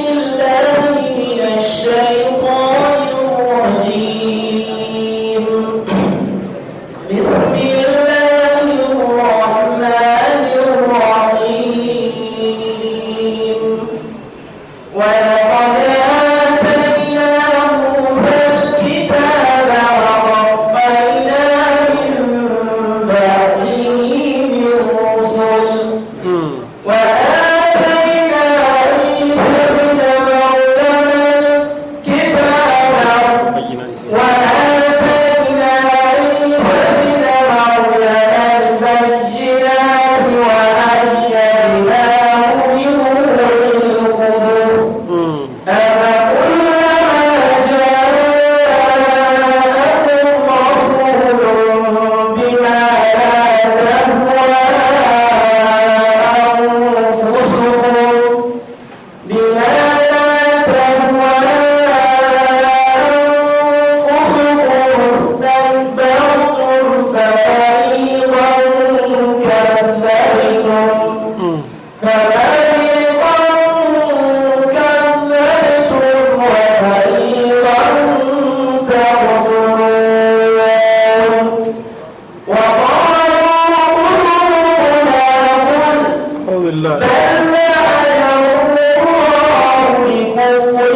بالله لا ينظر الله لكفر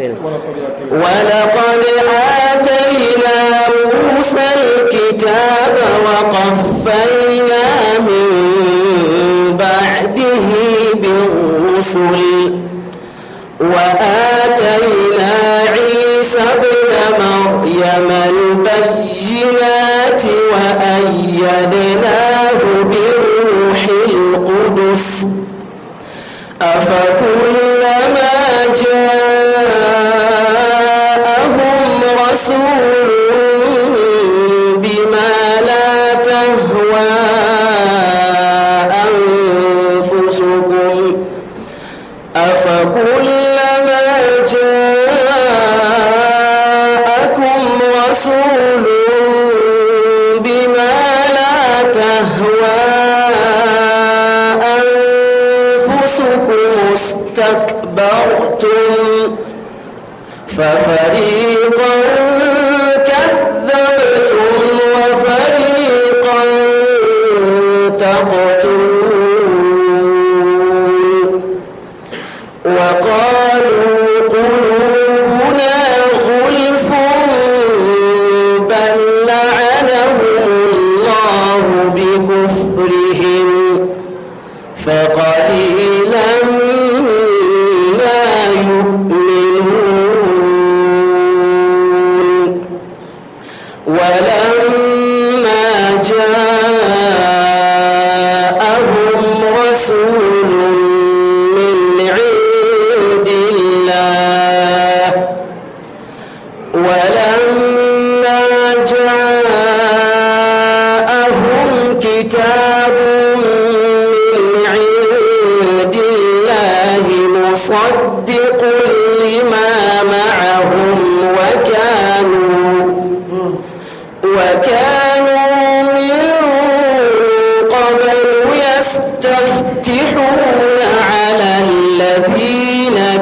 Well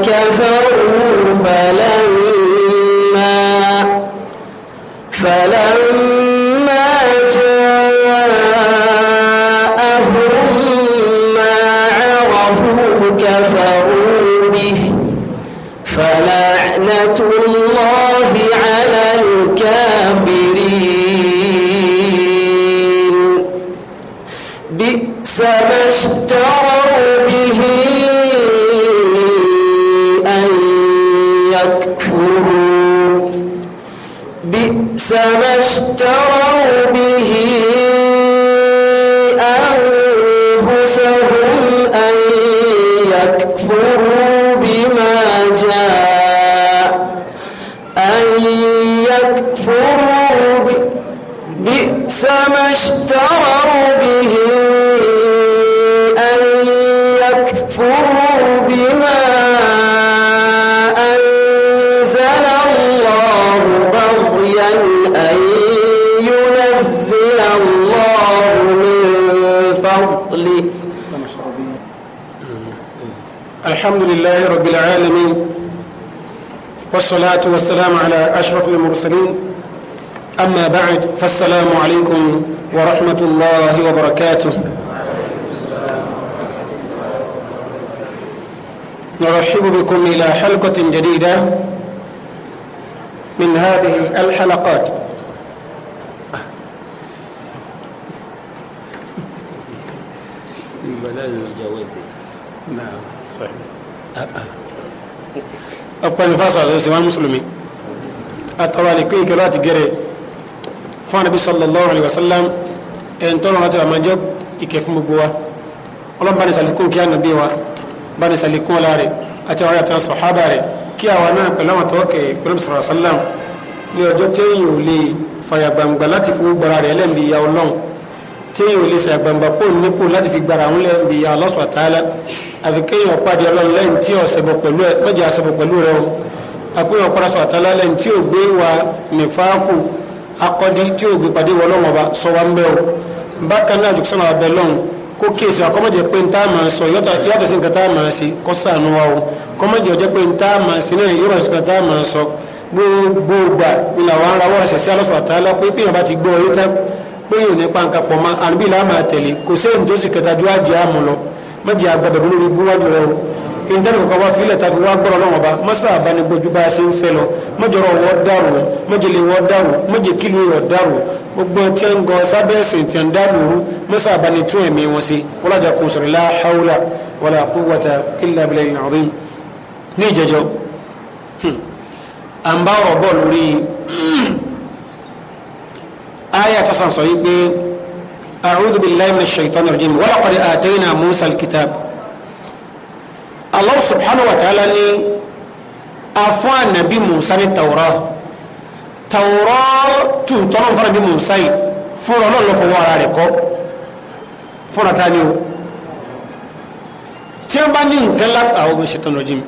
Jennifer. والصلاة والسلام على أشرف المرسلين أما بعد فالسلام عليكم ورحمة الله وبركاته نرحب بكم إلى حلقة جديدة من هذه الحلقات الملاذ الجوازي نعم صحيح ọpẹlú fásitì ṣe wọn mùsùlùmí àtọrọ àlèkú ìkẹrọ àti gẹrẹ fún anabi sallallahu alayhi wa sallam ẹn tọrọ láti wà máa jẹ ìkẹ fún gbogbo wa ọlọ́run bá ní sàlékún kí ànàbí wa bá ní sàlékún ọlá rẹ àti àwọn àti sọ̀hábà rẹ kí àwa náà pẹ̀lú àwọn tọ́kẹ̀ pẹ̀lú sọ̀rọ̀ sálàm ní ọjọ́ téèyàn ò lè fàyà láti fún gbọ́ra rẹ ẹlẹ́mìí ya ọlọ́run téèyàn ò lè ṣe àgbàǹbà pò nípò láti fi gbara àwọn lẹ́yìn bíi Allah subhanahu wa ta'ala àfi kéèyàn pàdé ọlọ́run lẹ́yìn tí ọ̀sẹ̀bọ̀ pẹ̀lú ẹ mẹ́jọ àṣẹbọ̀ pẹ̀lú rẹ o àpéyàn pàdé subhanahu wa ta'ala lẹ́yìn tí ò gbé wa nífàákù akọ́dí tí ò gbé pàdé wọlọ́wọ́n ọba sọ wa ń bẹ́ o bákan náà jùkúsọ̀nà abẹ lọ́hùn kó kíyèsí wa kọ́mọ̀jẹ̀ pé ń tá a máa sọ yàtọ̀ sí nǹkan tá a máa ṣe kó sànù wa o kọ́mọ̀jẹ̀ ọjọ́ pé ń tá a máa ṣe náà yọ̀rọ̀ sí nǹkan tá a máa sọ gbogbo gbà ni làwọn ará wọ́n ṣẹ̀ṣẹ̀ Allah subhanahu pé bí bá ti gbọ́ ọ yé pé yóò nípa nǹkan pọ̀ mọ́ àbí ìlà máa tẹ̀lé kò sẹ́yìn tó sì kẹta ju àjẹ́ àmú lọ mọ́jẹ́ agbábẹ̀dún lórí búwájú rẹ o ìdánù kan wá fílẹ̀ tàfi wá gbọ́rọ̀ lọ́wọ́ bá mọ́sá àbánigbójú bá a ṣe ń fẹ́ lọ mọ́jọ́rọ̀ wọ́n dàrú mọ́jẹ́ lè wọ́n dàrú mọ́jẹ́ kílù yọ̀ dàrú gbogbo tí ń gan sábẹ́ ẹ̀sìn tí ń dàlúrú mọ́sá àbánitún ẹ̀mí wọn sí wọ́lájà kò sọ̀rọ̀ la hawla wala quwwata illa billahil azim ní ìjẹjọ́ hmm, à ń bá ọ̀rọ̀ bọ̀ lórí hmm, aya ta sàn sọ yìí pé a'udhu billahi minash shaitanir rajim wa laqad atayna musa alkitab allah subhanahu wa ta'ala ni afọ anabi musa ni tawra tawra tu tọrọ nfọdọ bi musa yìí fúnra náà lọ fọwọ́ ara rẹ̀ kọ́ fúnra ta ni o tí wọn bá ní nǹkan lápá àwọn ọmọ ṣetán rọjìm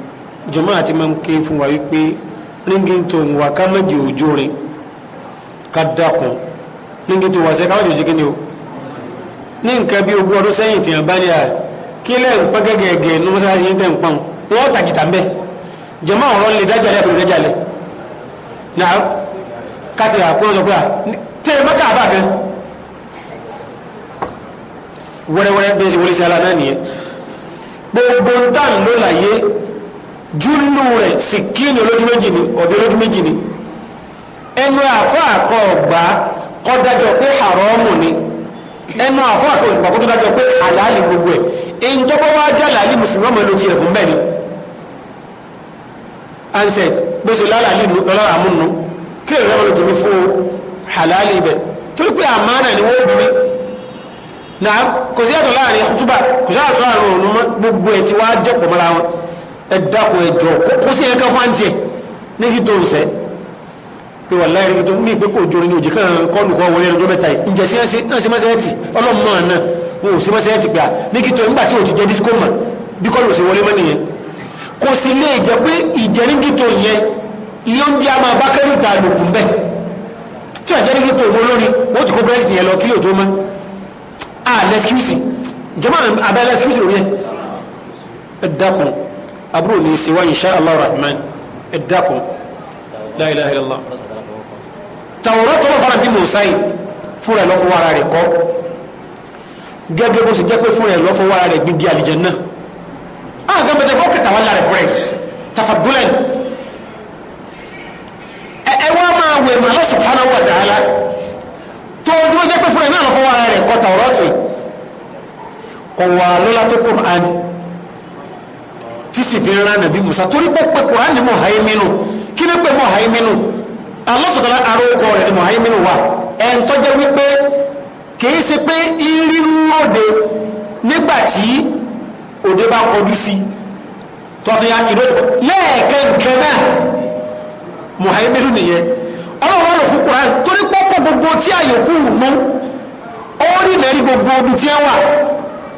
jọmọ àti máa ń ké fún wa wípé ríngì tó ń wá ká méjì òjò rìn ká dákun nígbà tó wà sẹ́ káwọn jòjì kíni o ní nǹkan bí ogún ọdún sẹ́yìn tìyàn bá ní à kí lẹ́ ń pẹ́ gẹ́gẹ́gẹ́ ní mọ́sálásí yín tẹ̀ ń pọ́n wọ́n tàkìtà ń bẹ́ jọmọ́ ọ̀rọ̀ lè dájà lẹ́ àbẹ̀rẹ̀ dájà lẹ́ náà káti àkúrọ̀ sọ pé à tẹ́ ẹ mọ́kà àbá gan wẹ́rẹ́wẹ́rẹ́ bẹ́ẹ̀ sì wọlé sí aláná nìyẹn gbogbo ń tàn ló láyé júlù rẹ̀ sì ni olójú méjì ni ọ̀dọ́ olójú méjì ni ẹnu àfọ́ àkọ́ ọ̀gbà kọ́ dájọ́ pé haramu ni ẹnu àfọ́ àkọsùn pàkó tó dájọ́ pé àlàálì gbogbo ẹ̀ èyí tó bá wá jẹ́ àlàálì mùsùlùmí ọmọ ló ti ẹ̀fún bẹ́ẹ̀ ni ansẹt bó ṣe lálàálì lọ́lára múnú kí èrè ọmọ ló ti fún àlàálì ibẹ̀ torí pé àmánà ni wọ́n bí na kò sí yàtọ̀ láàrin ẹ̀kútúbà kò sí yàtọ̀ láàrin òun gbogbo ẹ̀ tí wàá jẹ́ pọ̀ mọ́ra wọn ẹ̀ dákun ẹ̀ kó sí ẹ̀ka fáńtì ẹ̀ níbi tó ń sẹ́ẹ́ pé wà láyé rẹ̀ tó mí pé kò jorin ní òjì kan kọlù kọ wọlé ọjọ́ mẹ́ta yìí ǹjẹ́ sí náà sí mọ́sẹ́ẹ̀tì ọlọ́mọ náà wọn ò sí mọ́sẹ́ẹ̀tì pé à ní kí tó ń gbà tí òjì jẹ́ disco mọ̀ bí kọlù sí wọlé mọ́ nìyẹn kò sì lè jẹ́ pé ìjẹ́rí gító yẹn ilé oúnjẹ a máa bá kẹ́rìtà lòkù ń bẹ̀ tí ò jẹ́rí gító owó lórí wọ́n ti kó brexit yẹn lọ kí yóò tó mọ́ à lẹ́skúsì jẹ́mọ́ abẹ́ lẹ́skúsì lórí ẹ̀ ẹ̀ dákun àbúrò ní ìsìnwá Allah rahman ẹ̀ dákun la ilaha illallah tàwòrán tó lọ fara bí musa yìí fúnra ẹ̀ lọ́fọwọ́ ara rẹ̀ kọ́ gẹ́gẹ́ bó ṣe jẹ́ pé fúnra ẹ̀ lọ́fọwọ́ ara rẹ̀ gbígbé àlìjẹ náà àwọn kan bẹ̀rẹ̀ kọ́ kẹta wà lára fúnra ẹ̀ tafadúlẹ̀ ẹ wá máa wẹ̀ mọ́ Allah subhanahu wa ta'ala tó o dúró jẹ́ pé fúnra ẹ̀ náà lọ́fọwọ́ ara rẹ̀ kọ́ tàwòrán tó yìí kọ̀ wà lọ́lá tó Qur'an tí sì fi rán nàbí musa torí pé pé Qur'an ni mo hàí mínú kí ni pé mo hàí mínú alọ́sọ̀tọ́lá arókọ rẹ̀ ni mọ̀háímínú wà ẹn tó jẹ́ wípé kìí se pé irínú òde nígbàtí òde bá kọjú sí tọ́tún ya ìdótò lẹ́ẹ̀kẹ́ǹkẹ́ náà mọ̀háímínú nìyẹn ọlọ́run wà lọ fún Kùránì torí pọ́pọ́ gbogbo tí àyòkù mú orí lẹ́rí gbogbo ibi tí wà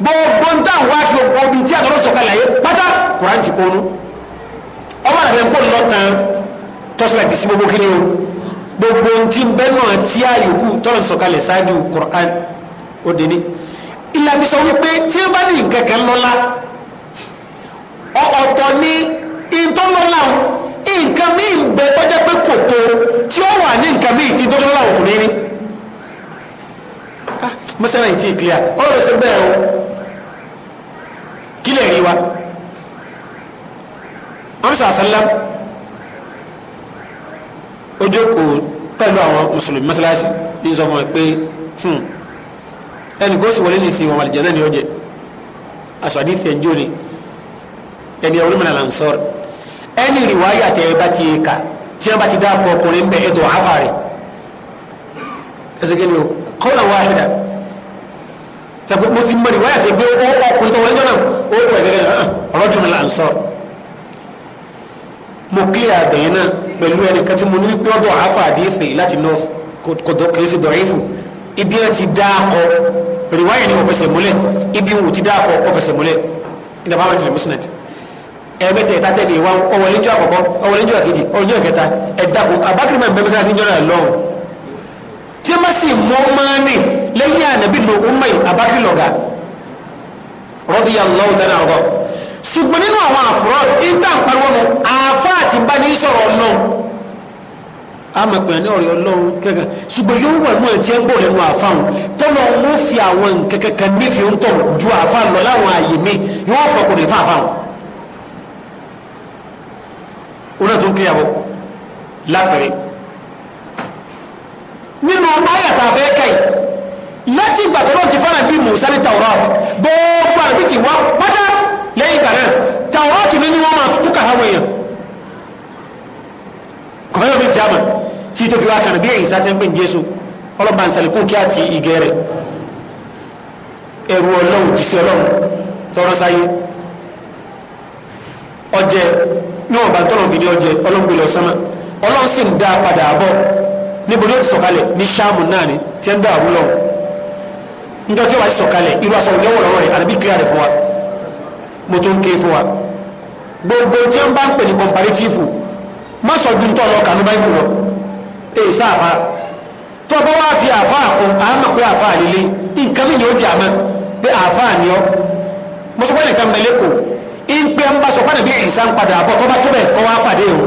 gbogbo ń tà wá gbogbo ibi tí sọ̀kalẹ̀ yẹ pátá ti ọmọ lọ́tàn tọ́sílẹ̀tì sí gbogbo kíni o gbogbo ntí bẹ́ẹ̀ náà tí a yòókù tọ́lọ̀ sọ̀kalẹ̀ ṣáájú Qur'an ó dé ní. ìlà fi sọ wípé tí a bá ní nǹkan kan lọ́la ọ̀tọ̀ ni ìtọ́lọ́la nǹkan míì ń bẹ tọ́jà pé kò tó tí ó wà ní nǹkan míì tí tọ́lọ́la ò tún ní rí. Ah, mọ́sálà yìí clear ọ̀rọ̀ ló ṣe bẹ́ẹ̀ o kílẹ̀ rí wa. amsa ó jókòó pẹ̀lú àwọn mùsùlùmí mọ́sálásí ní sọ fún ẹ pé hmm, ẹnì kó sì wọlé ní ìsìn wọn àlìjẹ náà ni ó jẹ aṣọ àdìsí ẹ̀ ń jó ni ẹni ẹ̀ olómìnira là ń sọ̀rọ̀ ẹni rìwáyà tẹ ẹ bá ti kà tí wọn bá ti dá ọkọ ọkùnrin bẹ ẹ tó àfà rẹ ẹsẹ̀ kí ni o kọ́nà wáhídà tẹ mo ti mọ rìwáyà tẹ gbé ọkùnrin tó wọlé jọ náà ó wọ ẹ̀ gẹ́gẹ́ ọ̀rọ̀ jùmọ̀ là ń sọ̀rọ̀. mo clear àbẹ̀yẹn náà pẹ̀lú ẹnìkan tí mo ní pé ọ̀dọ̀ àáfà àdéhìfẹ̀ láti north kòtò kìí ṣe ibi ẹ ti dá akọ rìwáyà ni wọ́n múlẹ̀ ibi wò ti dá akọ wọ́n múlẹ̀ ìdá bá mẹ́tẹ̀lẹ̀ mùsùlùmí ẹ̀ẹ́mẹ́tẹ̀ ẹ̀ta tẹ̀lé wa ọwọ́lẹ́jọ́ àkọ́kọ́ ọwọ́lẹ́jọ́ àkejì ọwọ́lẹ́jọ́ kẹta ẹ̀dàkùn abákìrìmọ̀ lọ́wọ́ tí sì lẹ́yìn ànábì lọ́wọ́ ṣùgbọ́n nínú àwọn àfúrọ́ ìta ìpariwo mu àáfà àti bá sọ̀rọ̀ ọlọ́run a máa pè ní ọ̀rẹ́ ọlọ́run kẹ́kẹ́ ṣùgbọ́n yóò wà mú ẹtí ẹgbẹ́ rẹ̀ nù àáfà wọn tọ́lọ ń wọ́n fi àwọn kẹ́kẹ́kẹ́ nífi ń tọ̀ ju àáfà lọ láwọn àyè mi yóò fọkùnrin fún àáfà wọn. orí ẹ̀tún kí yàgò lápẹ̀rẹ̀ nínú ayàtà afẹ́ kẹ́yì láti ìgbà tó lọ́n ti fara bí Musa ní Taurat gbogbo àdébìtì wọn pátá lẹ́yìn ìgbà náà tàwọ́ọ̀tù ní wọ́n máa tó ka láwọn èèyàn kọ̀ọ̀yọ̀ mi jáàmà tí tó fi wá kàn bí èyí sá ti ń pè ní Jésù ọlọ́ba ń sàlẹ̀kùn kí á ti ìgẹ̀ rẹ̀ ẹ̀rù Ọlọ́run jìṣẹ́ Ọlọ́run tọrọ sáyé ọjẹ níwọ̀n fìdí ọjẹ lọ sánmà dá padà bọ̀ níbo ni ó ti sọ̀kalẹ̀ ní sáàmù náà ni mo tún ké fún wa gbogbo tí wọn bá ń pè ní comparative má sọ ju ntọ́ lọ kànú báyìí lọ èyí sáfà tó o bá wá fi àfa àkún àmọ́ pé àfa àlele nǹkan mi ni ó di àmọ́ pé àfa àní ọ mo sọ pé nìkan mẹlẹ kò ń pẹ́ ń bá sọ pé nàbí ìsá ń padà bọ̀ tó bá tó bẹ̀ kọ́ wá pàdé o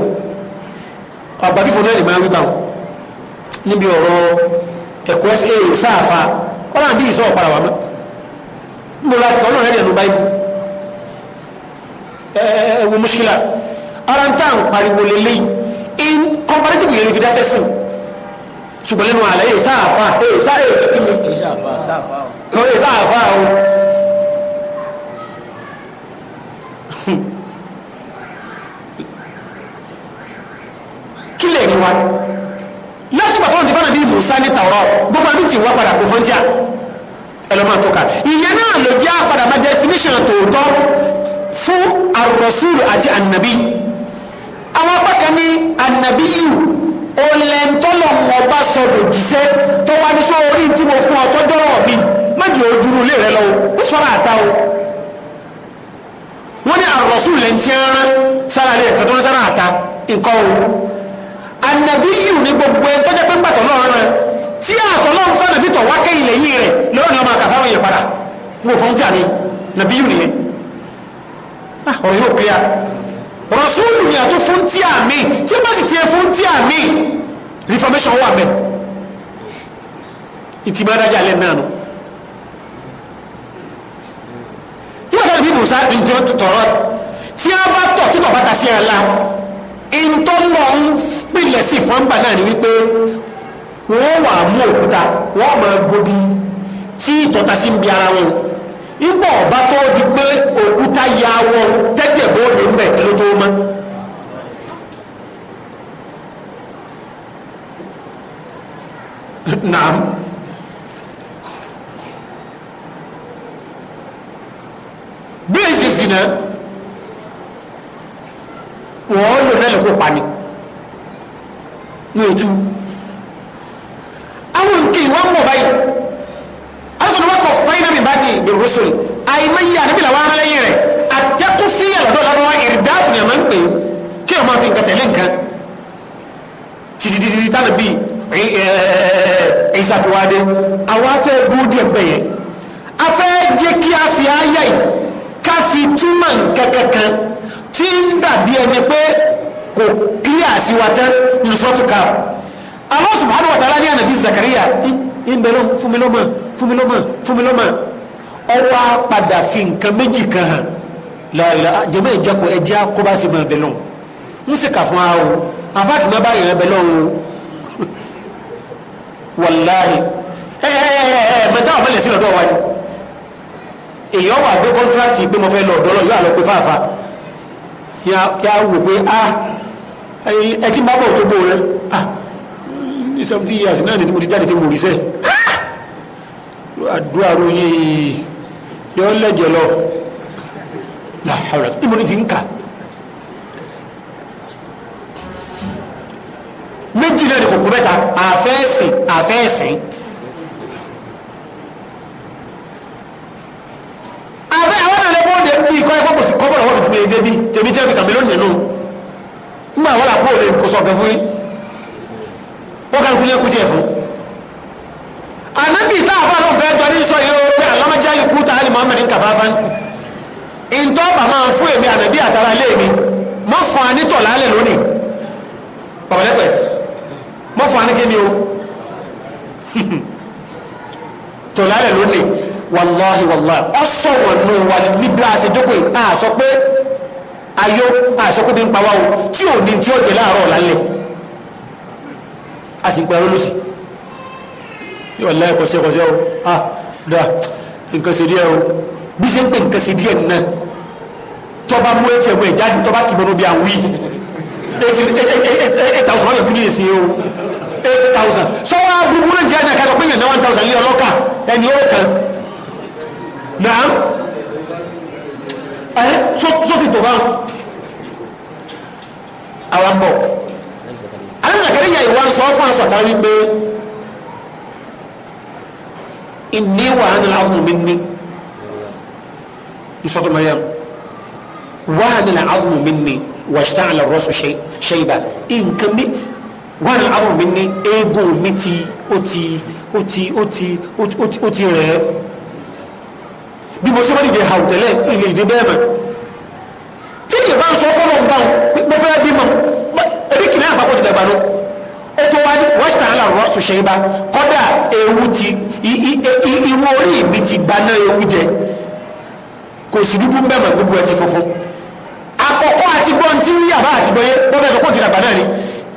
ọgbà fífò náà lè máa wí báwọn níbi ọ̀rọ̀ ẹ̀kọ́ ẹ̀ sáfà ọ̀là bí ìsọ̀ ọ̀padà wà mọ́ ń láti kọ́ ọ̀nà rẹ̀ nù báyìí ẹ̀wọ̀ mùsùlùmí ara ń tà ń pariwo lélẹ́yìn in comparative lè fi dá sẹ́sìn ṣùgbọ́n lẹ́nu àlẹ́ yìí sáàfà èyí sáàfà èyí sáàfà o kí lè rí wa láti bàtọ́ wọn ti fọ́nà bí Musa ní tàwọ́ gbogbo àbí ti wá padà kò fọ́ntíà ẹlọ́mà tó kà ìyẹn náà ló jẹ́ àpàdà definition tòótọ́ fún ar-rasul àti ànàbí àwọn apákan ní ànàbí yìí ó lẹ́ńtọ́lọ̀ wọn bá sọ̀dọ̀ jíṣẹ́ tó wá ní sọ orí tí mo fún ọ tọ́jọ́ rọ̀ mi méjì ojúru ilé rẹ lọ o ó sọ̀rọ̀ àta o wọ́n ní ar-rasul lẹ́ńtí ẹran sára lè tọ́tọ́ sára àta nǹkan o ànàbí yìí ní gbogbo ẹ tọ́jọ́ pé pàtó náà rán tí àtọ́lọ́ ń fẹ́ nàbí tọ̀ wákẹ́ ilẹ̀ yìí rẹ̀ lọ́rọ̀ ni ọmọ àkàfà wọn yẹ padà wọ́n fọ́n tí a ní nàbí yìí nìyẹn Ah, ọ̀rọ̀ yóò clear rọ̀súlù ni àtún fún tí àmì tí bá sì ti fún tí àmì reformation wà mẹ́ ìtìmọ̀ adájà alẹ́ náà nù yóò fẹ́ bí musa ìjọ tọ̀rọ̀ tí a bá tọ̀ títọ̀ bá ta sí ẹ̀ la ìtọ́lọ̀ ń pìlẹ̀ sí fọ́nbà náà ni wípé wọ́n wà mú òkúta wọ́n máa gbógi tí ìtọ́ta sí ń bi ara wọn ipò ọba tó di pé òkúta ya wọ tẹ́jẹ̀ bóde ńbẹ̀ ló tó mọ́. naam bí èsì sì náà wọ́n lò náà lè kó ní ojú àwọn nǹkan ìwọ́n ń báyìí birusul àìmọye àdébìlà wa rán lẹ́yìn rẹ̀ àtẹ́kù sí ẹ̀lọ́dọ̀ lọ́wọ́ ìrìdáàfù ni a máa ń pè é kí ọmọ fi nǹkan tẹ̀lé nǹkan títítítí tánà bíi ìsàfiwádé àwọn afẹ́ dúró díẹ̀ pẹ̀ yẹn afẹ́ jẹ́ kí a fi ayé yìí ká fi túmọ̀ nǹkan kankan tí ń dàbí ẹni pé kò kílíà sí wa tán nínú sọ́tù káfù Allah subhanahu wa ta'ala ní ànàbí Zakariya ìbẹ̀lọ́ fúnmilọ́mọ̀ fúnmilọ́mọ̀ fúnmilọ́mọ̀ ọwọ́ padà fi nǹkan méjì kan hàn lọ́ọ̀lọ́ jẹ́mọ́ ìjọkọ̀ ẹjẹ́ kóbá sí máa bẹ̀ lọ́hùn ń sì kà fún wa o àfáàkì má báyìí rẹ̀ bẹ̀ lọ́hùn o wàláhì ẹ ẹ ẹ ẹ mẹ́ta ọmọ ilẹ̀ sí lọ́dọ̀ wa ni èèyàn wà gbé kọ́ńtíráàtì pé mo fẹ́ lọ ọ̀dọ́ lọ yóò àlọ́ pé fáfá kí a wò pé a ah, ẹ kí n bá bọ̀ tó bò rẹ ah seventy years náà ni mo ti jáde tí mo rí sẹ́ẹ̀ ah! àdúrà ròyìn yìí yọ lẹ́jẹ̀ lọ làhàrà níbo ni ti ń kà méjì náà ni kò kú mẹ́ta àfẹ́ẹ̀sìn àfẹ́ẹ̀sìn. àfẹ́ àwọn àlẹ́ bóde bí ikọ́ ẹ̀kọ́ kò sí kọ́ bọ̀rọ̀ wọ́n tuntun yẹn débi tèmi tí ẹ̀mí kàmílò nínú nígbà wọn làpọ̀ òde kò sọ ọ̀gá fún yín wọ́n kàn kú ní ẹkú tiẹ̀ fún. ànábì tá a fọ́ àlọ́ fẹ́ jọ ní sọ yìí o láyé kú tá alimuhammadin kàfáfá ntọ́ bà máa fún èmi ànàbí àtàrà ilé mi mọ́ fún anítọ̀ lálẹ́ lónìí pàpàlẹ́pẹ̀ mọ́ fún anígé ni o tọ̀ lálẹ́ lónìí wàláhi wàláhi ọ̀sọ̀ wọn nù wà níbi àṣejókòó yìí àṣọ pé ayó àṣọ pé bí ń pa wá o tí ò ní tí ó jẹ láàárọ̀ lálẹ́ àṣìpẹ̀rẹ̀ lọ́sí yóò láyé kọ̀ṣẹ́kọ̀ṣẹ́ o ah dáa nǹkan ṣe díẹ̀ o bí ṣe ń pè nǹkan ṣe díẹ̀ náà tọ́ba mú etí ẹ̀mú ẹ̀ jáde tọ́ba kì mọ́nú bí àwọn yìí eight eight thousand wọ́n lè dún ní èsì o eight thousand sọ wá gbogbo náà jẹ́ ẹ̀dá kájọ pé yẹn náà one thousand lé ọlọ́kà ẹni ó kàn náà ẹ sọ́tì tó bá ń àwọn bọ̀ alẹ́ Zakariya ìwà ń sọ fún àṣàtà wípé inni wa ana al'azmu minni ìsọ́tọ̀ mariam wa ana al'azmu minni wa ishta'ala ar-rasu shayba nǹkan mi wa ana al'azmu minni eegun mi ti o ti o ti o ti o ti rẹ̀ ẹ́ bí mo sọ́mọ́ dìde hàwùtẹ́lẹ̀ ilé ìdí bẹ́ẹ̀ mọ̀ tí ìyẹ̀ bá ń sọ fọ́nà ń bá wọn mo fẹ́ bí mọ̀ ebi kìnnìyàn àpapọ̀ ti dàgbà nù ètò wa ni wọ́n ṣe tàn án làwọn ewu ti irú orí mi ti gbaná ewu jẹ kò sì dúdú ń bẹ̀mọ̀ gbogbo ẹ̀ ti funfun àkọ́kọ́ àti gbọ́n tí rí àbá àti gbọ́yé bọ́bẹ̀ sọ pé òtún àgbà ni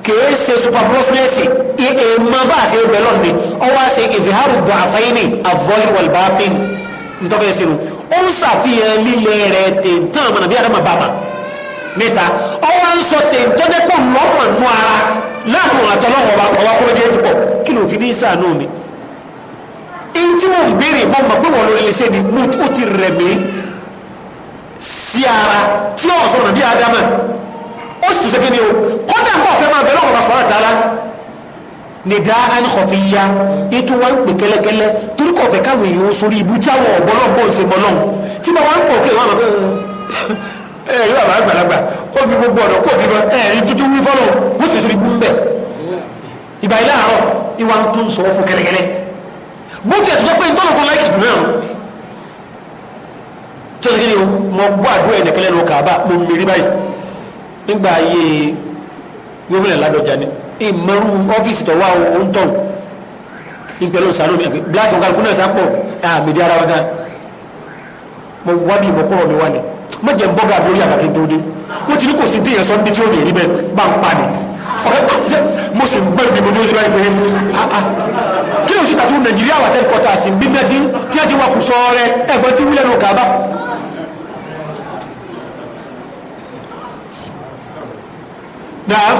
kèé ṣe superfluousness èèmọ̀ e, bá a ṣe bẹ̀ lọ́nà ọwọ́ a ṣe ìfìhàrù dùn àfẹ́yìn ní avoid wal batin ntọ́kẹ́ sínú ó ń ṣàfihàn lílẹ̀ rẹ̀ tèntàn àmàna bí adama bàbà níta ọwọ́ ń sọ tèntàn dẹ́pọ̀ lọ́mọ̀ nù ara láàrin àtọ́lọ́wọ́ ọba kọ́mọdé ti pọ̀ kí ló fi ní sàánú mi in tí mo ń béèrè mo mọ̀ pé wọ́n ló lè ṣe ni mo ti rẹ̀ mí sí ara tí ó sọ̀rọ̀ bí adama ó sì ṣe kíni o kódà ń bọ̀ fẹ́ máa bẹ̀rẹ̀ ọ̀rọ̀ sọ̀rọ̀ tààlà nìdá àníkọ̀fẹ́ ya ètò wa ń pè kẹ́lẹ́kẹ́lẹ́ torí kò fẹ́ káwọn èèyàn sórí ibú tí àwọn ọ̀bọ náà bọ̀ ń ṣe mọ́ náà tí bá wa ń pọ̀ kí wọn eh, àmọ́ ẹ ẹ yóò àbá àgbàlagbà ó fi gbogbo ọ̀dọ́ kó bí eh, ẹ ẹ tuntun wí fọ́lọ́ wọ́n sì sórí bó tiẹ̀ tó jẹ́ pé ntọ́nù kan láìkì jù náà tó ti kí ni o mo gbọ́ àdúrà ẹ̀nẹ̀kẹ́ lẹ́nu kàbá mo mèrí báyìí nígbà ayé gómìnà ládọjà ni ìmọ̀rú ọ́fíìsì tó wà ó ń tọ̀hún ìpẹ̀lú sàánú mi àgbẹ̀ black and kálukú náà sápọ̀ àmìdí ara wa gan mo wá bí ìmọ̀kúrọ̀ mi wá ni mo jẹ́ ń bọ́gà lórí àbàkí tó dé wọ́n ti ní kò sí tí èèyàn sọ tí ó lè mo sì ń gbẹ́rù bí mo tó ṣe báyìí pé ah, ah, kí ló sì tàtú nàìjíríà wà sẹ́ẹ̀kọ́ tà sí bí mẹ́tí tí wọ́n ti wà kù sọ rẹ ẹ̀gbọ́n tí wílẹ̀ nù kàbá. dáa.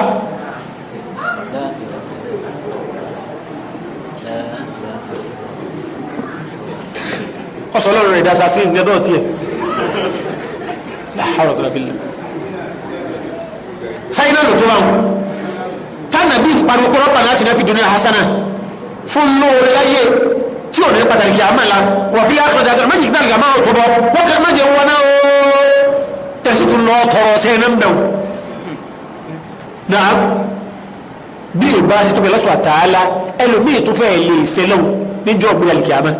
ọ̀sọ̀lọ́rọ̀ rẹ̀ dáṣà sí ìgbẹ́dọ̀ tí ẹ̀ láàárọ̀ tó rẹ̀ bí lẹ́ sáyẹ́nà lò tó bá wọn tánàbí ìpariwo pọ́lọ́pàá láti náà fi dùn ní àhásánà fún lóore láyé tí ò ní pàtàkì kí a máa la wà fi láàkùn ọjà sọ̀rọ̀ méjì sáré gàmá òtún bọ wọn kì í má jẹ wọn náà o tẹsí tún lọ tọrọ sẹ́yìn náà náà bí ìbá sí tóbi lọ́sọ̀ àtàlà ẹlòmíì tó fẹ́ lè sẹ́lẹ̀ níjọ́ ògbìn àlìkìyàmá.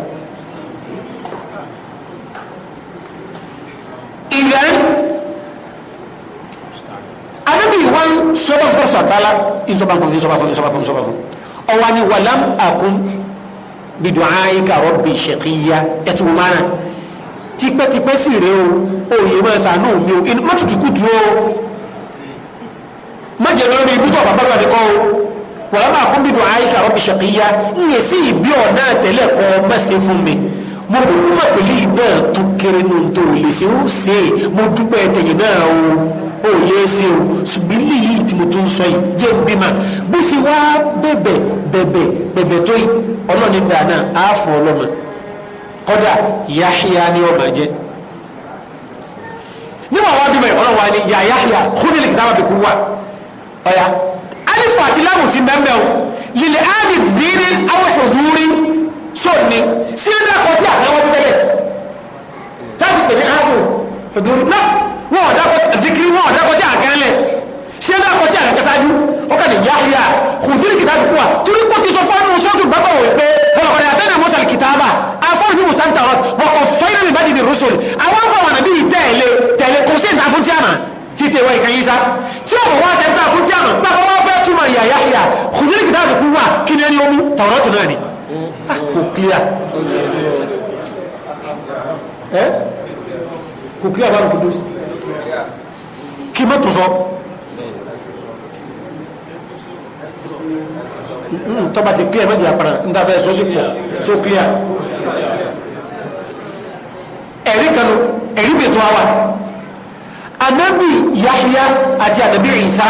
sọba fún sọtala ìsọba fún ìsọba fún ìsọba fún ìsọba fún ọwọ ni wàlám àkún bidu ayika rọbì ṣèkìyà ẹtùwò mánà tipẹ́tipẹ́ sì rè o òye máa sànú mi o má tutù kùtù o má jẹ lórí ibùdó bàbá rẹ nìkan o wàlám àkún bidu ayika rọbì ṣèkìyà ìyẹn sí ìbí ọ̀nà tẹ́lẹ̀ kọ́ mẹ́sẹ̀ fún mi mo fojú mọ̀ pẹ̀lú ìgbà tó kéré nù tó lè ṣe ó ṣe mo dúpẹ́ tẹ̀yìn náà o ó lé sí o ṣùgbọ́n ilé yìí tí mo tún sọ yìí jẹ́ ń bímọ bó ṣe wá bẹ̀bẹ̀ bẹ̀bẹ̀ bẹ̀bẹ̀ tó yìí ọlọ́ni gbà náà á fọ ọlọ́mọ kọ́dà Yahya ni ọmọ jẹ nígbà wàá bímọ ọlọ́wà ni yà Yahya khudil kitaba bi quwwa ọ̀yà alifu àti láàmù ti bẹ́ẹ̀ o lílẹ̀ áàdì dìrín awọ́sọ̀ dúrí sóòní sí ẹ̀dá kọjá àwọn ọmọ bẹ́ẹ̀ táàbù wọn ò dákọ zikiri wọn ò dákọ tí a kẹrin lẹ ṣé ẹ dákọ tí a kẹkẹ ṣáájú ó kà ní yáyà kùfìrí kìtà bí wà torí kò ti sọ fọnù sọtù bàtọ wò pé ọkọ ní àtẹnà mọsàlì kìtàbà afọlùbí musanta ọt wọkọ fẹyìn mi bá di di rusul àwọn afọwọn àbí tẹlẹ tẹlẹ kò sí ìtàfún tí a nà títí ìwọ ìkànnì sá tí a bọ̀ wá sẹ́ ìtàfún tí a nà tàbá wá fẹ́ túmọ̀ yáyà kùfìrí kìtà bí wà kí ni ẹni omi tọ̀rọ̀ tó náà ni ah, kò clear kò clear bá mi kò dúró sí. kí mọ́ tó sọ tọ́ba ti clear méjì àpàrà níta so clear eri kanu eri bètò awa anabi Yahya àti anabi Isa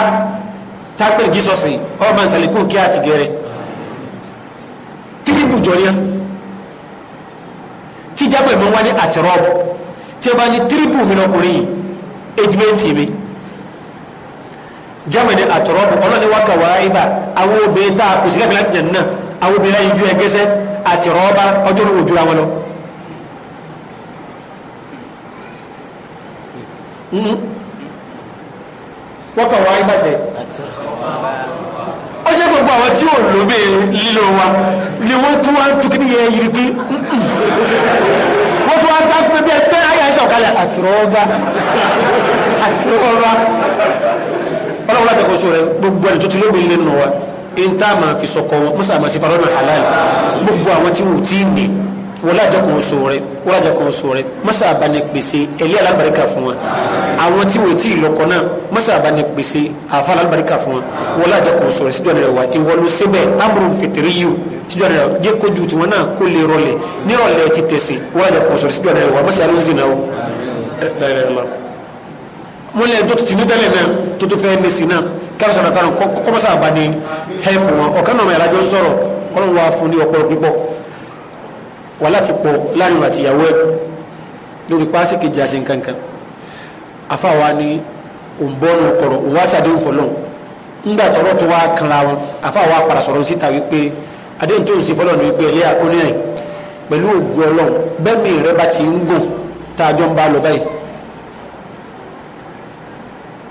tápẹ̀lì jísọ̀sì ọmọ ìsàlẹ̀kùn kí àti gẹ̀rẹ̀ tíríbù jọ̀ríà tí jábọ̀ ìmọ̀ wá tí ó bá ní tíríbù mi yìí ejimenti mi germany àtọ̀rọ̀bù ọlọ́ni wákà wáyébà àwọn obìnrin tá a kò sí lẹ́fẹ̀ẹ́ láti jẹ̀nu náà àwọn obìnrin ayé ju ẹgẹ́sẹ́ àti rọ́ọ̀bà ọjọ́ ní òjò àwọn lọ. Hmm. wákà wáyébà sẹ́ ó ṣe gbogbo àwọn tí ò lóbe lílo wa ni wọ́n tún wá ń tukí nìyẹn yìí hmm, hmm. tún wá ń tá pé bẹ́ẹ̀ sọ̀kalẹ̀ àtìrọ́ọ́bá àtìrọ́ọ́bá ọlọ́wọ́lá tẹ̀kọ́sọ rẹ gbogbo ẹni tó ti lóògbé lé nù wa ń tá a máa fi sọkọ wọn mọ́sàmásí farọ́nà halal gbogbo àwọn tí wò tí ì ní wọlájà kò sóore wọlájà kò sóore mọ́sá àbáni pèsè ẹ̀lẹ́ alábàríkà fún wa àwọn tí wò tí ìlọ́kọ náà mọ́sá àbáni pèsè àfa alábàríkà fún wa wọlájà kò sóore síjọ́ rẹ̀ wa ìwọlú síbẹ̀ amúrùn fìtìrí yìí síjọ́ rẹ̀ jẹ́ kojú tiwọn náà kó lè rọlẹ̀ nírọ̀lẹ́ ti tẹ̀sí wọlájà kò sóore síjọ́ rẹ̀ wá mọ́sá ló ń zina o mọlẹ tó tuntun nídàlẹ náà tó tó mẹsì náà káfíńsọ̀rọ̀ wà láti pọ̀ láàrin àti ìyàwó ẹ̀ lórí páàsì kejì àti nkankan afáwa ni òǹbọ́nù kọ̀rọ̀ òwá sàdéhùn fọlọ́n ńgbà tọrọ tó wá kanra wọn afáwa padà sọ̀rọ̀ síta wípé adéhùn tó ń sí fọlọ́n wípé ẹlẹ́yà onírin pẹ̀lú ògùn ọlọ́run bẹ́ẹ̀ mi rẹ bá ti ń gùn tá a jọ ń bá lọ báyìí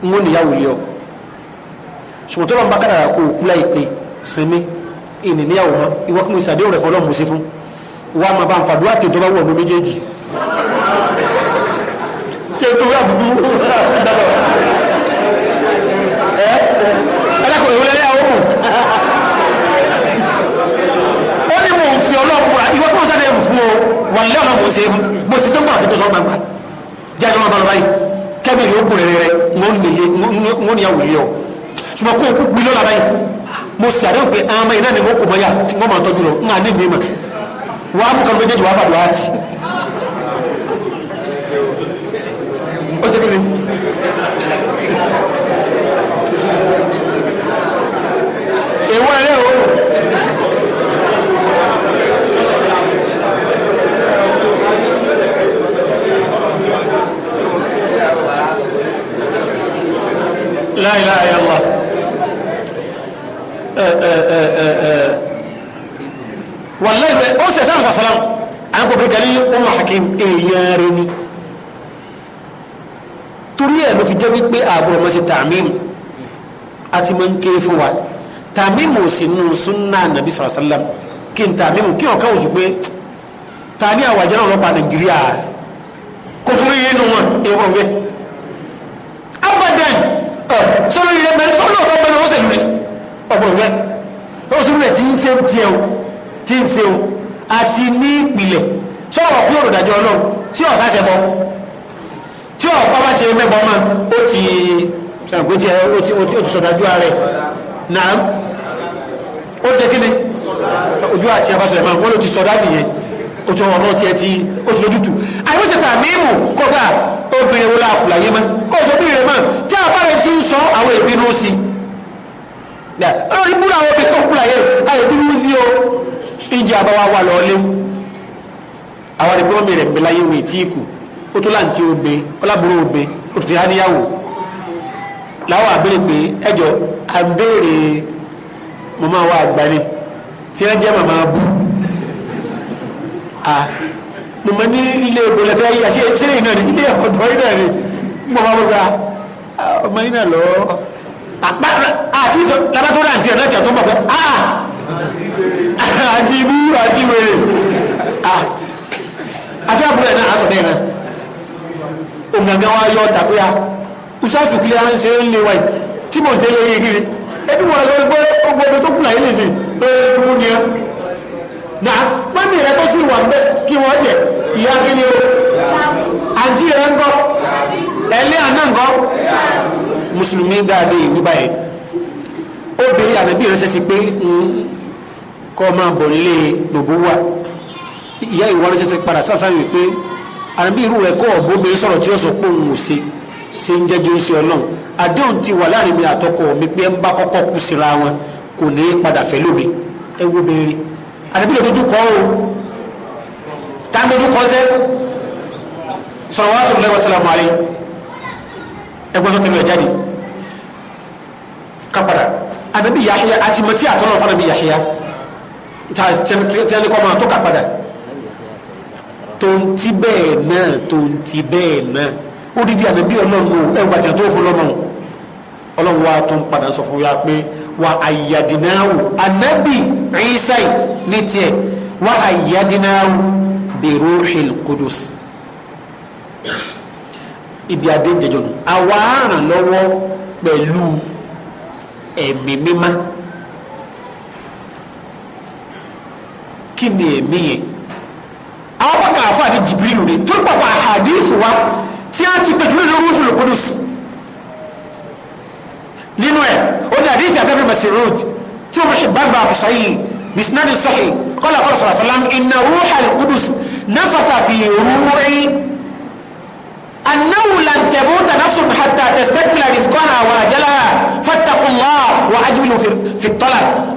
ń wọ́n níyàwó lé ọ ṣùgbọ́n tó lọ́n kó o kúlá ìpè sinmi ìnìníyàwó mọ́ ìwọ́kùnrin sàdéhùn rẹ̀ fọlọ́n mú sí fún wà máa bá ń fàdúrà tè tó bá wù ọmọ méjèèjì ṣe tó wà búburú ẹ ẹlẹ́kọ̀ọ́ ìwé lẹ́yà ó mú ó ní mò ń fi ọlọ́pàá ìwé kó sáré fún o wà lé ọ̀nà mò ń ṣe fún mo sì sọ́gbà àti tó sọ gbangba jẹ́ àjọ máa bá lọ báyìí kẹ́bìrì ó gùn rẹ̀ rẹ̀ ń ó níyàwó ilé ọ ṣùgbọ́n kó o kú gbilọ́ làbáyìí mo sì àdéhùn pé àwọn ọmọ iná ni mo kò mọ́ yá tí wọ́n máa tọ́jú lọ ń máa ní ìwé wàá mú kan méjèèjì wàá fàdùn àti ó ṣe kí ni. àbúrò mọ́ sí tàmímù àti mọ́ ń ké fún wa tàmímù ò sì nù súnà nàbí sọ̀rọ̀ sálám kí n tàmímù kí ọ̀ká òsù pé ta ní àwọn àjẹ́rán ọlọ́pàá nàìjíríà kò fún yín nù wọn èèwọ̀n bẹ́ẹ̀ abadan sọ́nà ilẹ̀ mẹ́rin sọ́nà ọ̀tọ́ bẹ́ẹ̀ ni wọ́n sẹ̀lú rẹ̀ ọ̀pọ̀ rẹ̀ ó sì rẹ̀ tí ń ṣe tiẹ̀ o tí ń ṣe o àti ní ìpìlẹ̀ sọ̀rọ̀ pé òròdàjọ́ ọlọ́run tí ọ̀sá ṣẹbọ tí ọ̀pá bá ti mẹ́bọ máa ó ti ṣàgbéjẹ ó ti sọ̀dájú ààrẹ náà ó ti kí ni ojú àti abáṣọlẹ̀ máa wọ́n ló ti sọ̀dá nìyẹn ó ti ọ̀rọ̀ tiẹ̀ ti ó ti lójútu àìwọ́sẹ̀ tà mímù kọ́gbà obìnrin wo láàkù láyé mọ́ kó sọ bí rẹ̀ mọ́ tí àbárẹ̀ ti ń sọ àwọn ìbínú sí ọ̀rọ̀ ibú làwọn obìnrin tó kù láyé àìbínú sí o ìjẹ́ àbáwá wà lọ́ọ́lé àwọn ìbínú mi rẹ̀ gbé láyé wò tí kù ó tó láǹtí obe ọlábùrú obe òtútù yá níyàwó láwọn àbẹ̀rẹ̀ pé ẹjọ́ àbẹ̀rẹ̀ màmá wa àgbà ni tí wọ́n jẹ́ màmá bú màmá ní ilé ìbòlẹ̀ fẹ́ yíyá ṣe ṣe ìnà ní ilé ọ̀dọ́ ìnà ní màmá gbogbo ọmọ iná lọ àpá àti labató náà tiẹ̀ náà tiẹ̀ tó ń bọ̀ pé àti ibú àti wèrè àti àbúrò ẹ̀ náà àsọ̀tẹ̀ náà ògàngán wa yọ ọ̀tà pé a usasu kìlẹ̀ à ń ṣe ń lé wa yìí tí mò ń ṣe lóye kiri ẹbí wọn lọ gbọ́ ọgbọ́dọ̀ tó kùnà yìí lè ṣe lóye dúró ni ẹ na mọ́mí rẹ tó sì wà ń bẹ kí wọ́n jẹ ìyá kíni o àǹtí rẹ ń kọ́ ẹlẹ́ àná ń kọ́ mùsùlùmí dáadé ìwé báyìí obìnrin àbẹ̀bí rẹ ṣe sí pé kọ́ máa bọ̀ nílé nùbúwà ìyá ìwọ́n rẹ ṣe sí padà sásáyìn pé àbí irú rẹ̀ kọ́ ọ̀bọ̀bìnrin sọ̀rọ̀ tí ó sọ pé òun ò ṣe ṣe ń jẹ́jẹ́ ó ṣe ọlọ́run àdéhùn ti wà láàrin mi àtọkọ mi pé ń bá kọ́kọ́ kú síra wọn kò ní í padà fẹ́ lómi ẹ wo bèrè àdébí lè dojú kọ́ o tá a dojú kọ́ sẹ́ salawatullahi wa salamu alayhi ẹgbẹ́ tó tẹ̀lé jáde kápadà àdébí Yahya àti mọ̀tí àtọ́nà fún àdébí Yahya tẹ̀lé kọ́ máa tó kápadà tonti bẹ́ẹ̀ náà tonti bẹ́ẹ̀ náà ó dídí ànábì ọlọ́run o ẹgbà tí a tó fún lọ́mọ ọlọ́run wa tó ń padà sọ fún ya pé wa àyàdínáwó ànábì ìsáì ní tiẹ̀ wa àyàdínáwó bi ruhil qudus ibi adé jẹjọ nù àwa ràn lọ́wọ́ pẹ̀lú ẹ̀mí mímá kí ni ẹ̀mí yẹn àwọn bàkà àfààní Jibril ni tó pàpà àdìsù wa tí a ti pèjú lórí Ruhul Qudus nínú ẹ̀ ó ní àdìsù àbẹ́bí Mas'ud tí wọ́n fi bàbá fi sahih bisnadi sahih qala qala sallallahu alaihi wasallam inna Ruhul Qudus nafatha fi ruhi أنه لن تموت نفس حتى تستكمل رزقها وأجلها فاتقوا الله وأجملوا في, في الطلب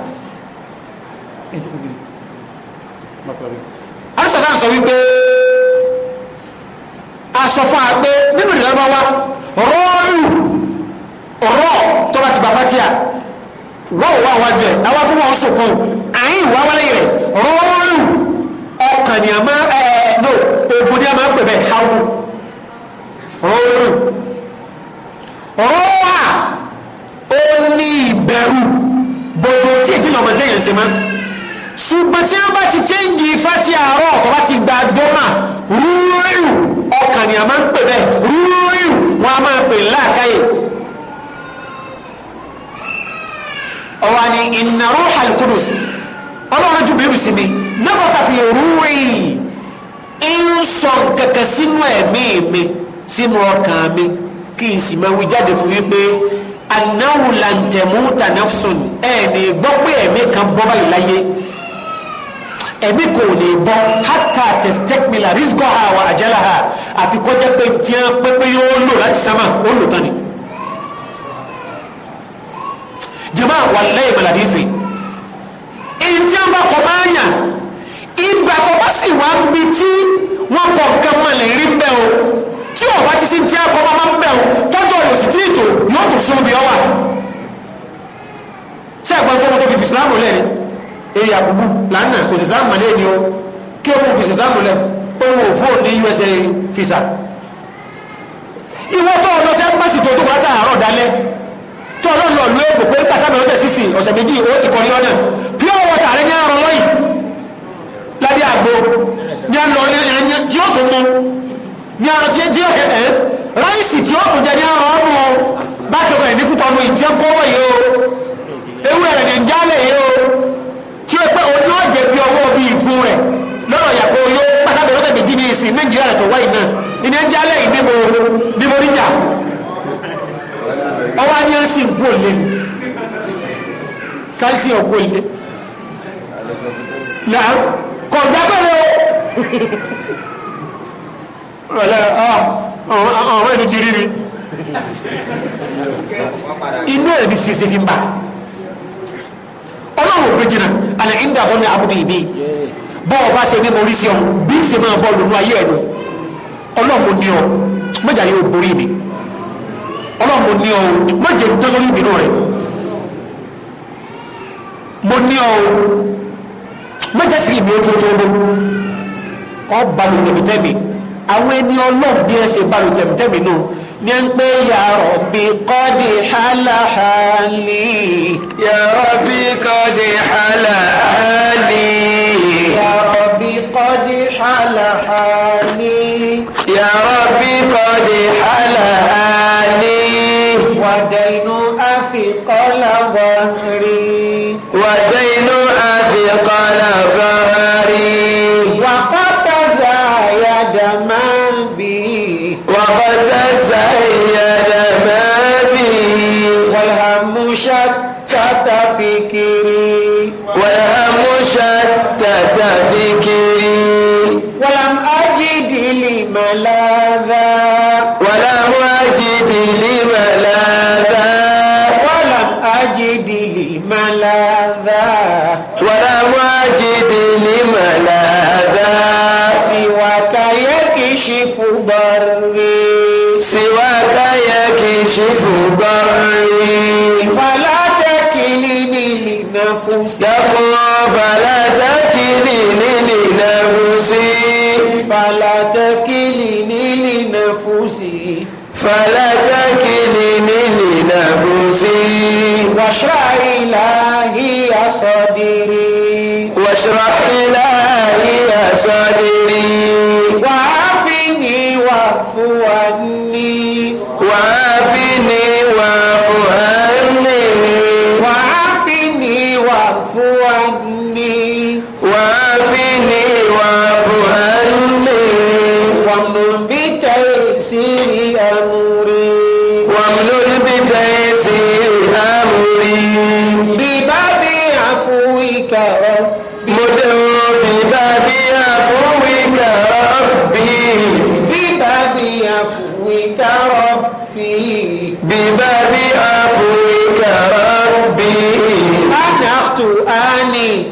sàṣà sọ wípé asọ̀fà pé nínú ìdílọ́gbà wa rọ́ọ̀lù ọ̀rọ̀ tó bá ti bàbá tíà wọ́n wà wájú ẹ̀ àwọn fún wọn sọ̀kan àyìn ìwà wálé rẹ̀ rọ́ọ̀lù ọkàn ni a máa ẹ̀ no ogun ni a máa pè bẹ́ẹ̀ hàwù rọ́ọ̀lù rọ́ọ̀à ó ní ìbẹ̀rù gbogbo tí èjì lọ́mọdé yẹn ṣe máa ṣùgbọ́n tí wọ́n bá ti chẹ́ǹjì ifá ti àárọ̀ tó bá ti gba dọ́mà rúurú ọkàn ni a máa ń pè bẹ́ẹ̀ rúurú wọn a máa pè láàkáyè. ọ̀wá ni inna ruhal qudus ọlọ́run ju bẹ́ẹ̀rù sí mi náfà tàfi rúurú ń sọ kẹ̀kẹ́ sínú ẹ̀mí mi sínú ọkàn mi kí n sì máa wí jáde fún wípé anáwó làǹtẹ̀mú tànáfsùn ẹ̀ ní gbọ́ pé ẹ̀mí kan bọ́ báyìí láyé ẹbí kò lè bọ hata testekmila risgo ha wa ajala ha àfikọ́jẹ́ pé tiẹ́ pépé yóò lò láti sámà ó lò tán ni. jama wàlẹ́ ìmàlàdí fè èyí tí wọ́n bá kọ́ máa yàn ìgbà tó bá sì wá ń bi tí wọ́n kọ́ nǹkan mọ̀lẹ́ rí bẹ́ o tí o bá ti sí tí akọ́ máa ń bẹ́ o tọ́jú ọ̀rọ̀ sì tí ì tò yóò tó sún bí ọ wà. sẹ́ẹ̀gbọ́n tó mọ́ tó fi fi Islam lẹ́ni èyí àbúkú lánàá kò sì sáàmù lé ní o kí fi sìsáàmù lẹ òun ò fóònù ní usa fisa ìwọ tó ọ lọ fẹ́ pàṣẹ tó tó wá tà àárọ̀ dalẹ́ tó ọlọ́run lọ lu ègbò pé pàtà mi ọ̀sẹ̀ sísì ọ̀sẹ̀ méjì ó ti kọrin ọ̀nà pure water rẹ ní àárọ̀ lọ́yìn ládé àgbo ní àlọ́ ẹ̀yẹ tí ó tún mú ní àrọ̀ tí ó jẹ́ ẹ̀ ráìsì tí ó tún jẹ ní àrọ̀ ọ̀mù bákẹ́kọ̀ọ́ ìdíkùtà ọmọ ìjẹ́kọ́wọ́ yìí o ewúrẹ́ rẹ̀ ní ìjálẹ̀ yìí o fún rẹ̀ lọ́rọ̀ yàtọ yó pátákì lọ́sẹ̀ méjì ní ìsìn nàìjíríà rẹ tó wáyé náà ìní ẹjẹ alẹ yìí níbo níbo níjà ọwọ́ ayé ń sìn kú òlé ni káìsì ọkú òlé là kọjá pẹ̀lú ọlẹ ọ̀rọ̀ ìlú ti rí mi inú ẹbí sise fi ń bá ọlọ́run ògbé jìnnà àlẹ́ ìdá ọ̀nà àbúdí ìbí bọ́ọ̀ bá ṣe ní morí sí ọ bí ṣe máa bọ́ lónú ayé ẹ̀nu ọlọ́run ní ọ mọ́jà yóò borí mi ọlọ́run ní ọ mọ́jà tó sọ ní ìbínú rẹ̀ mo ní ọ mọ́jà sí ìbí ojú ojú ojú ọ balùwẹ̀ tẹ̀mítẹ́mi àwọn ẹni ọlọ́run bí ẹ ṣe balùwẹ̀ tẹ̀mítẹ́mi náà ní ń pé ya Rabbi qad hala hali. ya Rabbi qad hala hali. ya Rabbi qad hala hali. ya Rabbi qad hala hali. wa daynu afiqala dhahri. ملاذا ولا واجد لي فلا تكلني لنفسي واشرح إلهي صدري واشرح إلهي صدري وعافني واعف عني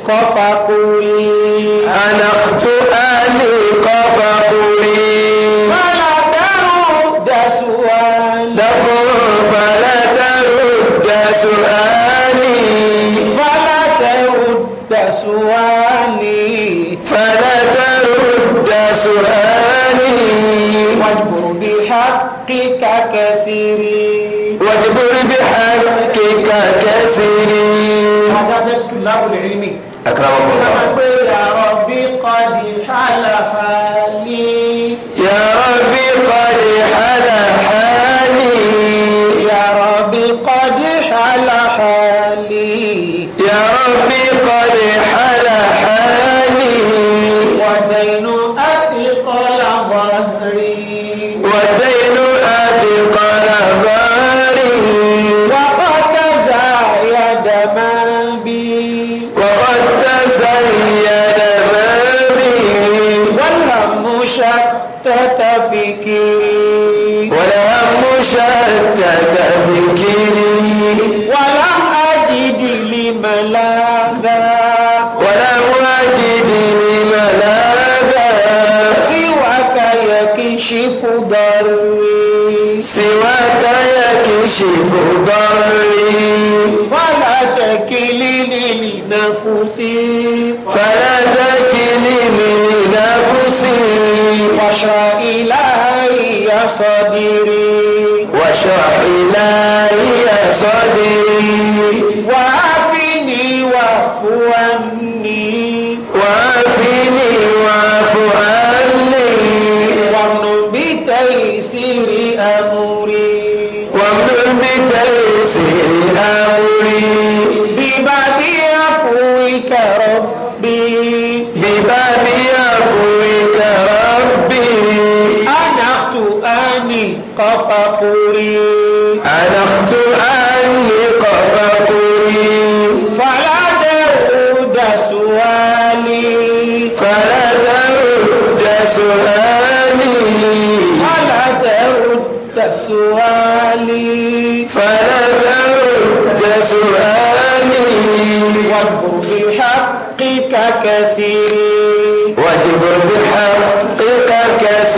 kọfà kúrì. akramakum Allah لنفسي فلا تكلني لنفسي واشرح إلي صدري واشرح إلي صدري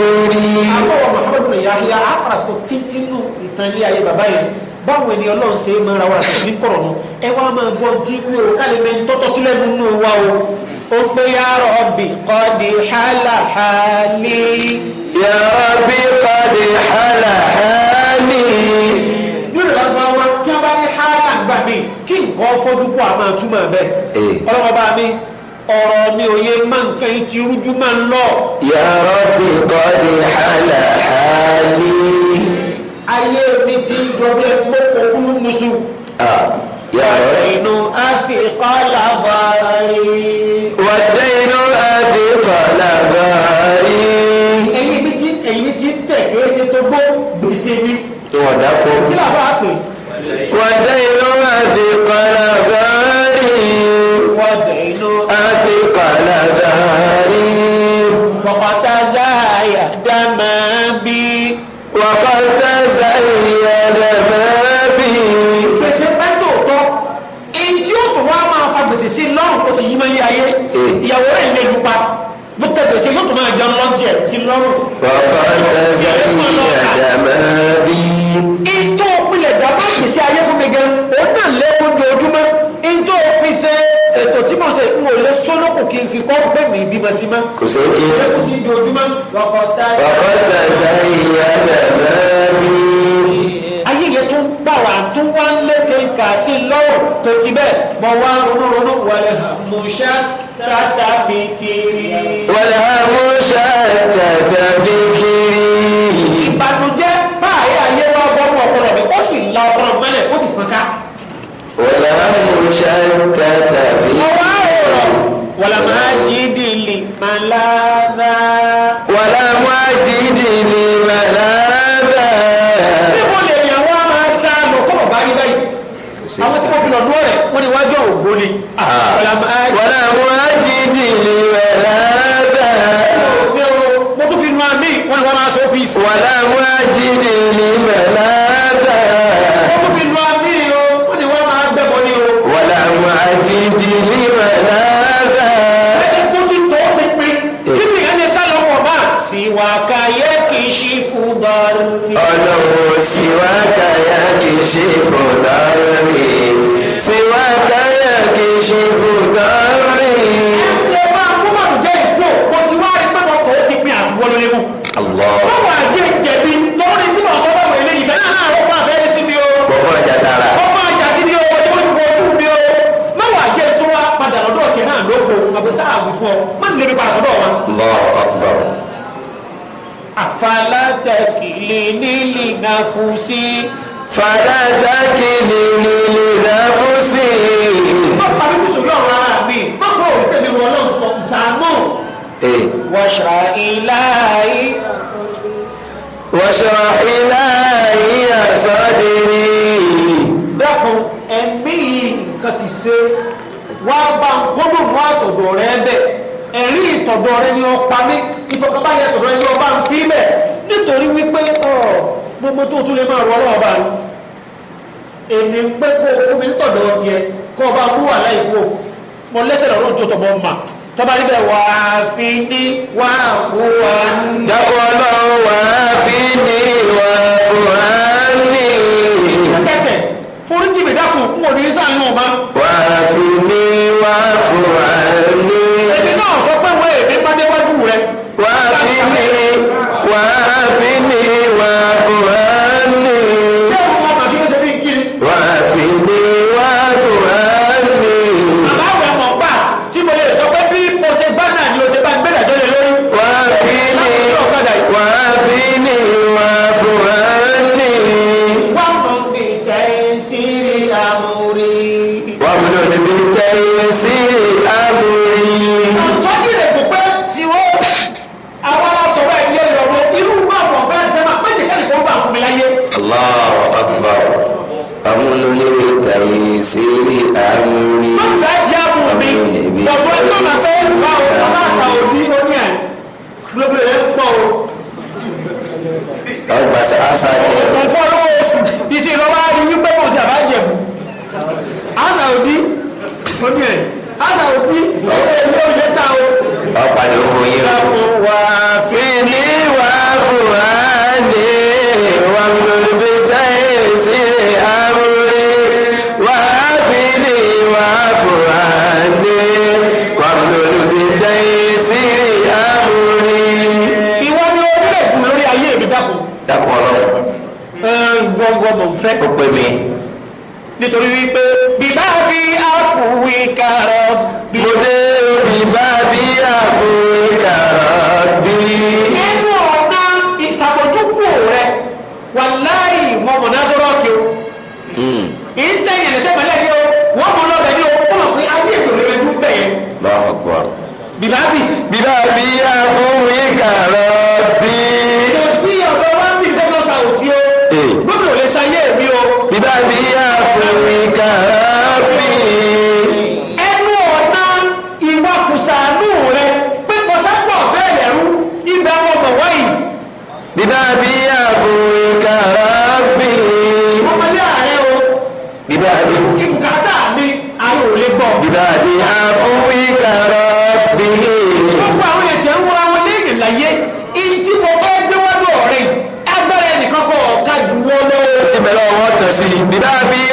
ṣe rí. àbọ̀wọ̀ Muhammadu bin Yahya àpàṣọ títí nù ìtàn ilé ayé bàbá yẹn báwọn ènìyàn Ọlọ́run ṣe máa ra wa àṣìṣe kọ̀rọ̀ nù ẹ wá máa gbọ́ tí wí o ká fẹ́ tọ́tọ́ sílẹ̀ nínú wa o. ó pé ya Rabbi qad hala hali. ya Rabbi qad hala hali. lórí ìlànà wa tí a bá ní hálà gbà mí kí nǹkan fọ́dúkú àmọ́ àtúmọ̀ bẹ́ẹ̀ eh. ọlọ́mọba mi ọ̀rọ̀ mi ò yẹ máa ń kẹ́yìn tí rújú máa ń lọ. Ya Rabbi qadi hala hali. ayé mi ti dọ̀bí ẹgbẹ́ òkúlù musu. Ya Rabbi. inú àfi kọ́lá bàárí. wàdé inú àfi bàárí. ẹyin mi ti ẹyin ti tẹ̀ kí ẹ ṣe tó gbó gbèsè mi. wọ́n dà kí làwọn àpè. wàdé inú àfi kọ́lá bàárí. على ظهري وقد تزايد ما بي وقد تزايد ما بي. gbèsè pẹ́ tòótọ́ ìjì ó tún wá máa fa gbèsè sí lọ́rùn ó ti yí mẹ́lẹ́ ayé ìyàwó rẹ̀ lè lupa bó tẹ gbèsè yóò tún máa jẹun lọ́jẹ̀ sí lọ́rùn. wàá bá ṣe n ò lè sólókùn kí n fi kọ́ pé mi bímọ sí ma. kò sí kí ẹ kò sí dojúmọ́. bàkọ́tà ìṣe ìyá bẹ̀rẹ̀ bí. ayé yẹn tún gbà wá tún wá ń léke kà sí lọ́wọ́ tó ti bẹ́ẹ̀ mọ wá ronúronú wọlé musa tata fi kiri. wọlé musa tata fi kiri. ìbànújẹ́ báyìí ayé wa gbọ́ mọ́ ọpọlọ mi ó sì la ọpọlọ mọ́lẹ̀ ó sì fọ́n ká. wọlé musa tata fi kiri wàlámájídì lè máa láàdá. wàlámájídì lè máa láàdá. níbo lè yàn wá máa sá lọ kọ́ bàbá rí báyìí àwọn tí wọ́n fi lọ́dún rẹ̀ wọ́n ní wájú ògbó ni. Ah. Ah, wàlámájídì lè máa láàdá. mo tún fi nu àmì wọ́n ní wọ́n máa sọ pís. wàlámájídì lè máa láàdá. سواك يا كشف ضري سواك يا كشف ضري. Allah. Báwo àjẹ́ ìjẹ̀bi lọ́wọ́ ni tí màá sọ báwo eléyìí fẹ́ náà náà rọ́pò àfẹ́ sí mi o. Bọ̀bọ̀ àjà dára. Bọ̀bọ̀ àjà gidi o, ọjọ́ ìfọ̀ ojú mi o. Báwo àjẹ́ tó wá padà lọ́dọ̀ ọ̀tí náà ló fo àbẹ̀sá àbù fún ọ. Má lè mi padà sọ́dọ̀ wa. Lọ́ọ̀ àkùbà. Àfàlà tẹ̀ كلني لنفسي فلا تكلني لنفسي واشرح إلهي واشرح إلهي صدري dákun ẹ̀mí yìí nǹkan ti ṣe wá bá ń gbọ́dọ̀ wá tọ̀dọ̀ rẹ bẹ̀ ẹ̀rí ìtọ̀dọ̀ rẹ ni ọ̀pá mi ìfọ̀kànbá yẹn tọ̀dọ̀ rẹ ni ọba ń fi bẹ̀ nítorí wípé ọ gbogbo tó tún lè máa rọ ọlọ́wọ́ bá yín èmi ń pẹ́ kó fún mi nítọ̀dọ̀ tiẹ̀ kó ọba mú wà láì kú mo lẹ́sẹ̀ lọ́rọ̀ tó tọ̀bọ̀ mà tọ́ba níbẹ̀ wà á fi ní wà á fún wa ní. dábọ̀ ọlọ́run wà á fi ní wà á fún wa ní. ìtẹ́sẹ̀ foríjì mi dákun n kò ní sáà náà máa. ọgbà àṣà jẹ. kò fún olówó oṣù iṣẹ́ ìlọ́wọ́ á rí wípé kò sí àbájẹ̀bù àṣà òdí òdí ẹ̀ àṣà òdí. lọ́wọ́ mò ń fẹ́. ó pè mí. nítorí wípé bíbá bí àfùwí kàrọ̀ bí. من باب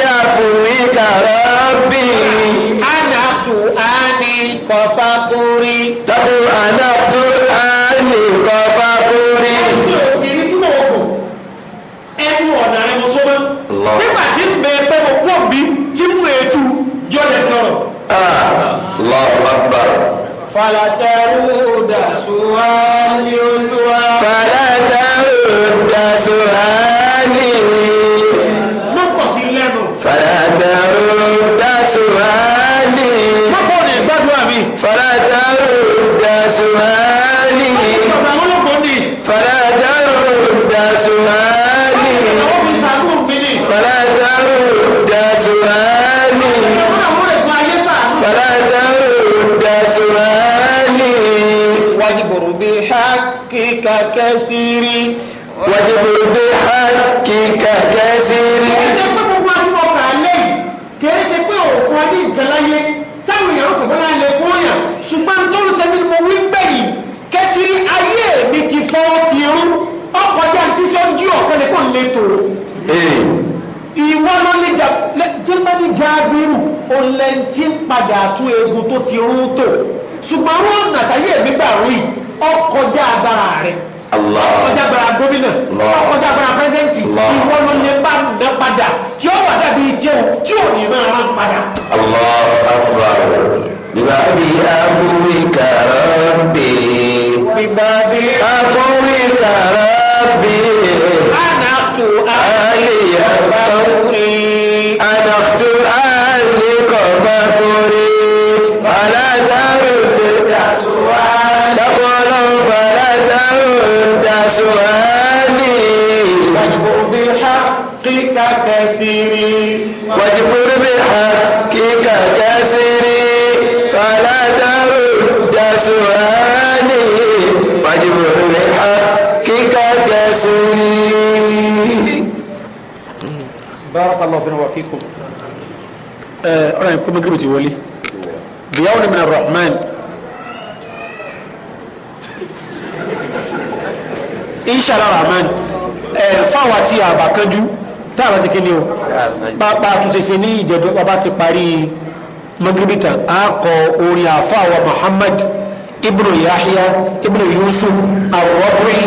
àdá kẹ́sìrì. kìí ṣe pé gbogbo àti ọkà lẹ́yìn kìí ṣe pé òfin ọdún ìgbàláyé táwọn èèyàn kò bọ́lá lè fún yàn ṣùgbọ́n tó ń sẹ́ni mo wí gbẹ̀yìn kẹ́sìrì ayé mi ti fọ́ ti rú ọkọ̀ ọjà tí sọ́jú ọ̀kẹ́ lè kó lè tó. ìwọ ló ní jẹ́nbẹ́ni jábírù olẹ́ntì padà tún egun tó ti rú tó ṣùgbọ́n rún ọ̀nà mi gbà rú ọkọ̀ ọjà agbára rẹ̀ ọkọ̀ ọjà agbára gómìnà ọkọ̀ ọjà agbára ìwọ ló lè bá nà padà tí ó wà dàbí jẹun tí ò ní máa rán padà. Allahu akbar bíbáàbí àfúwí kàrọ́ọ̀bì bíbáàbí àfúwí kàrọ́ọ̀bì. كسيري واجبر بحقك كسيري فلا ترد سؤالي واجبر بحقك كسيري بارك الله فينا وفيكم أنا يكون مقربتي ولي بيوم من الرحمن إن شاء الله الرحمن fáwọn àti àbàkánjú táàbà ti kíni o pápá àtúnṣeṣe ní ìjẹ̀dọ̀ bàbá ti parí magribitan àkọ orin àfáwà Muhammad ibnu Yahya ibnu Yusuf arọ́bùrì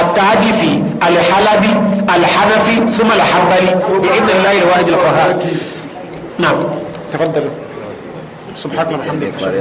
àtàdìfì alihalabi alihanafi suma alihambali ibn alayi wa ajil kọ́ha. naam tafadàlú subhanahu wa ta'ala.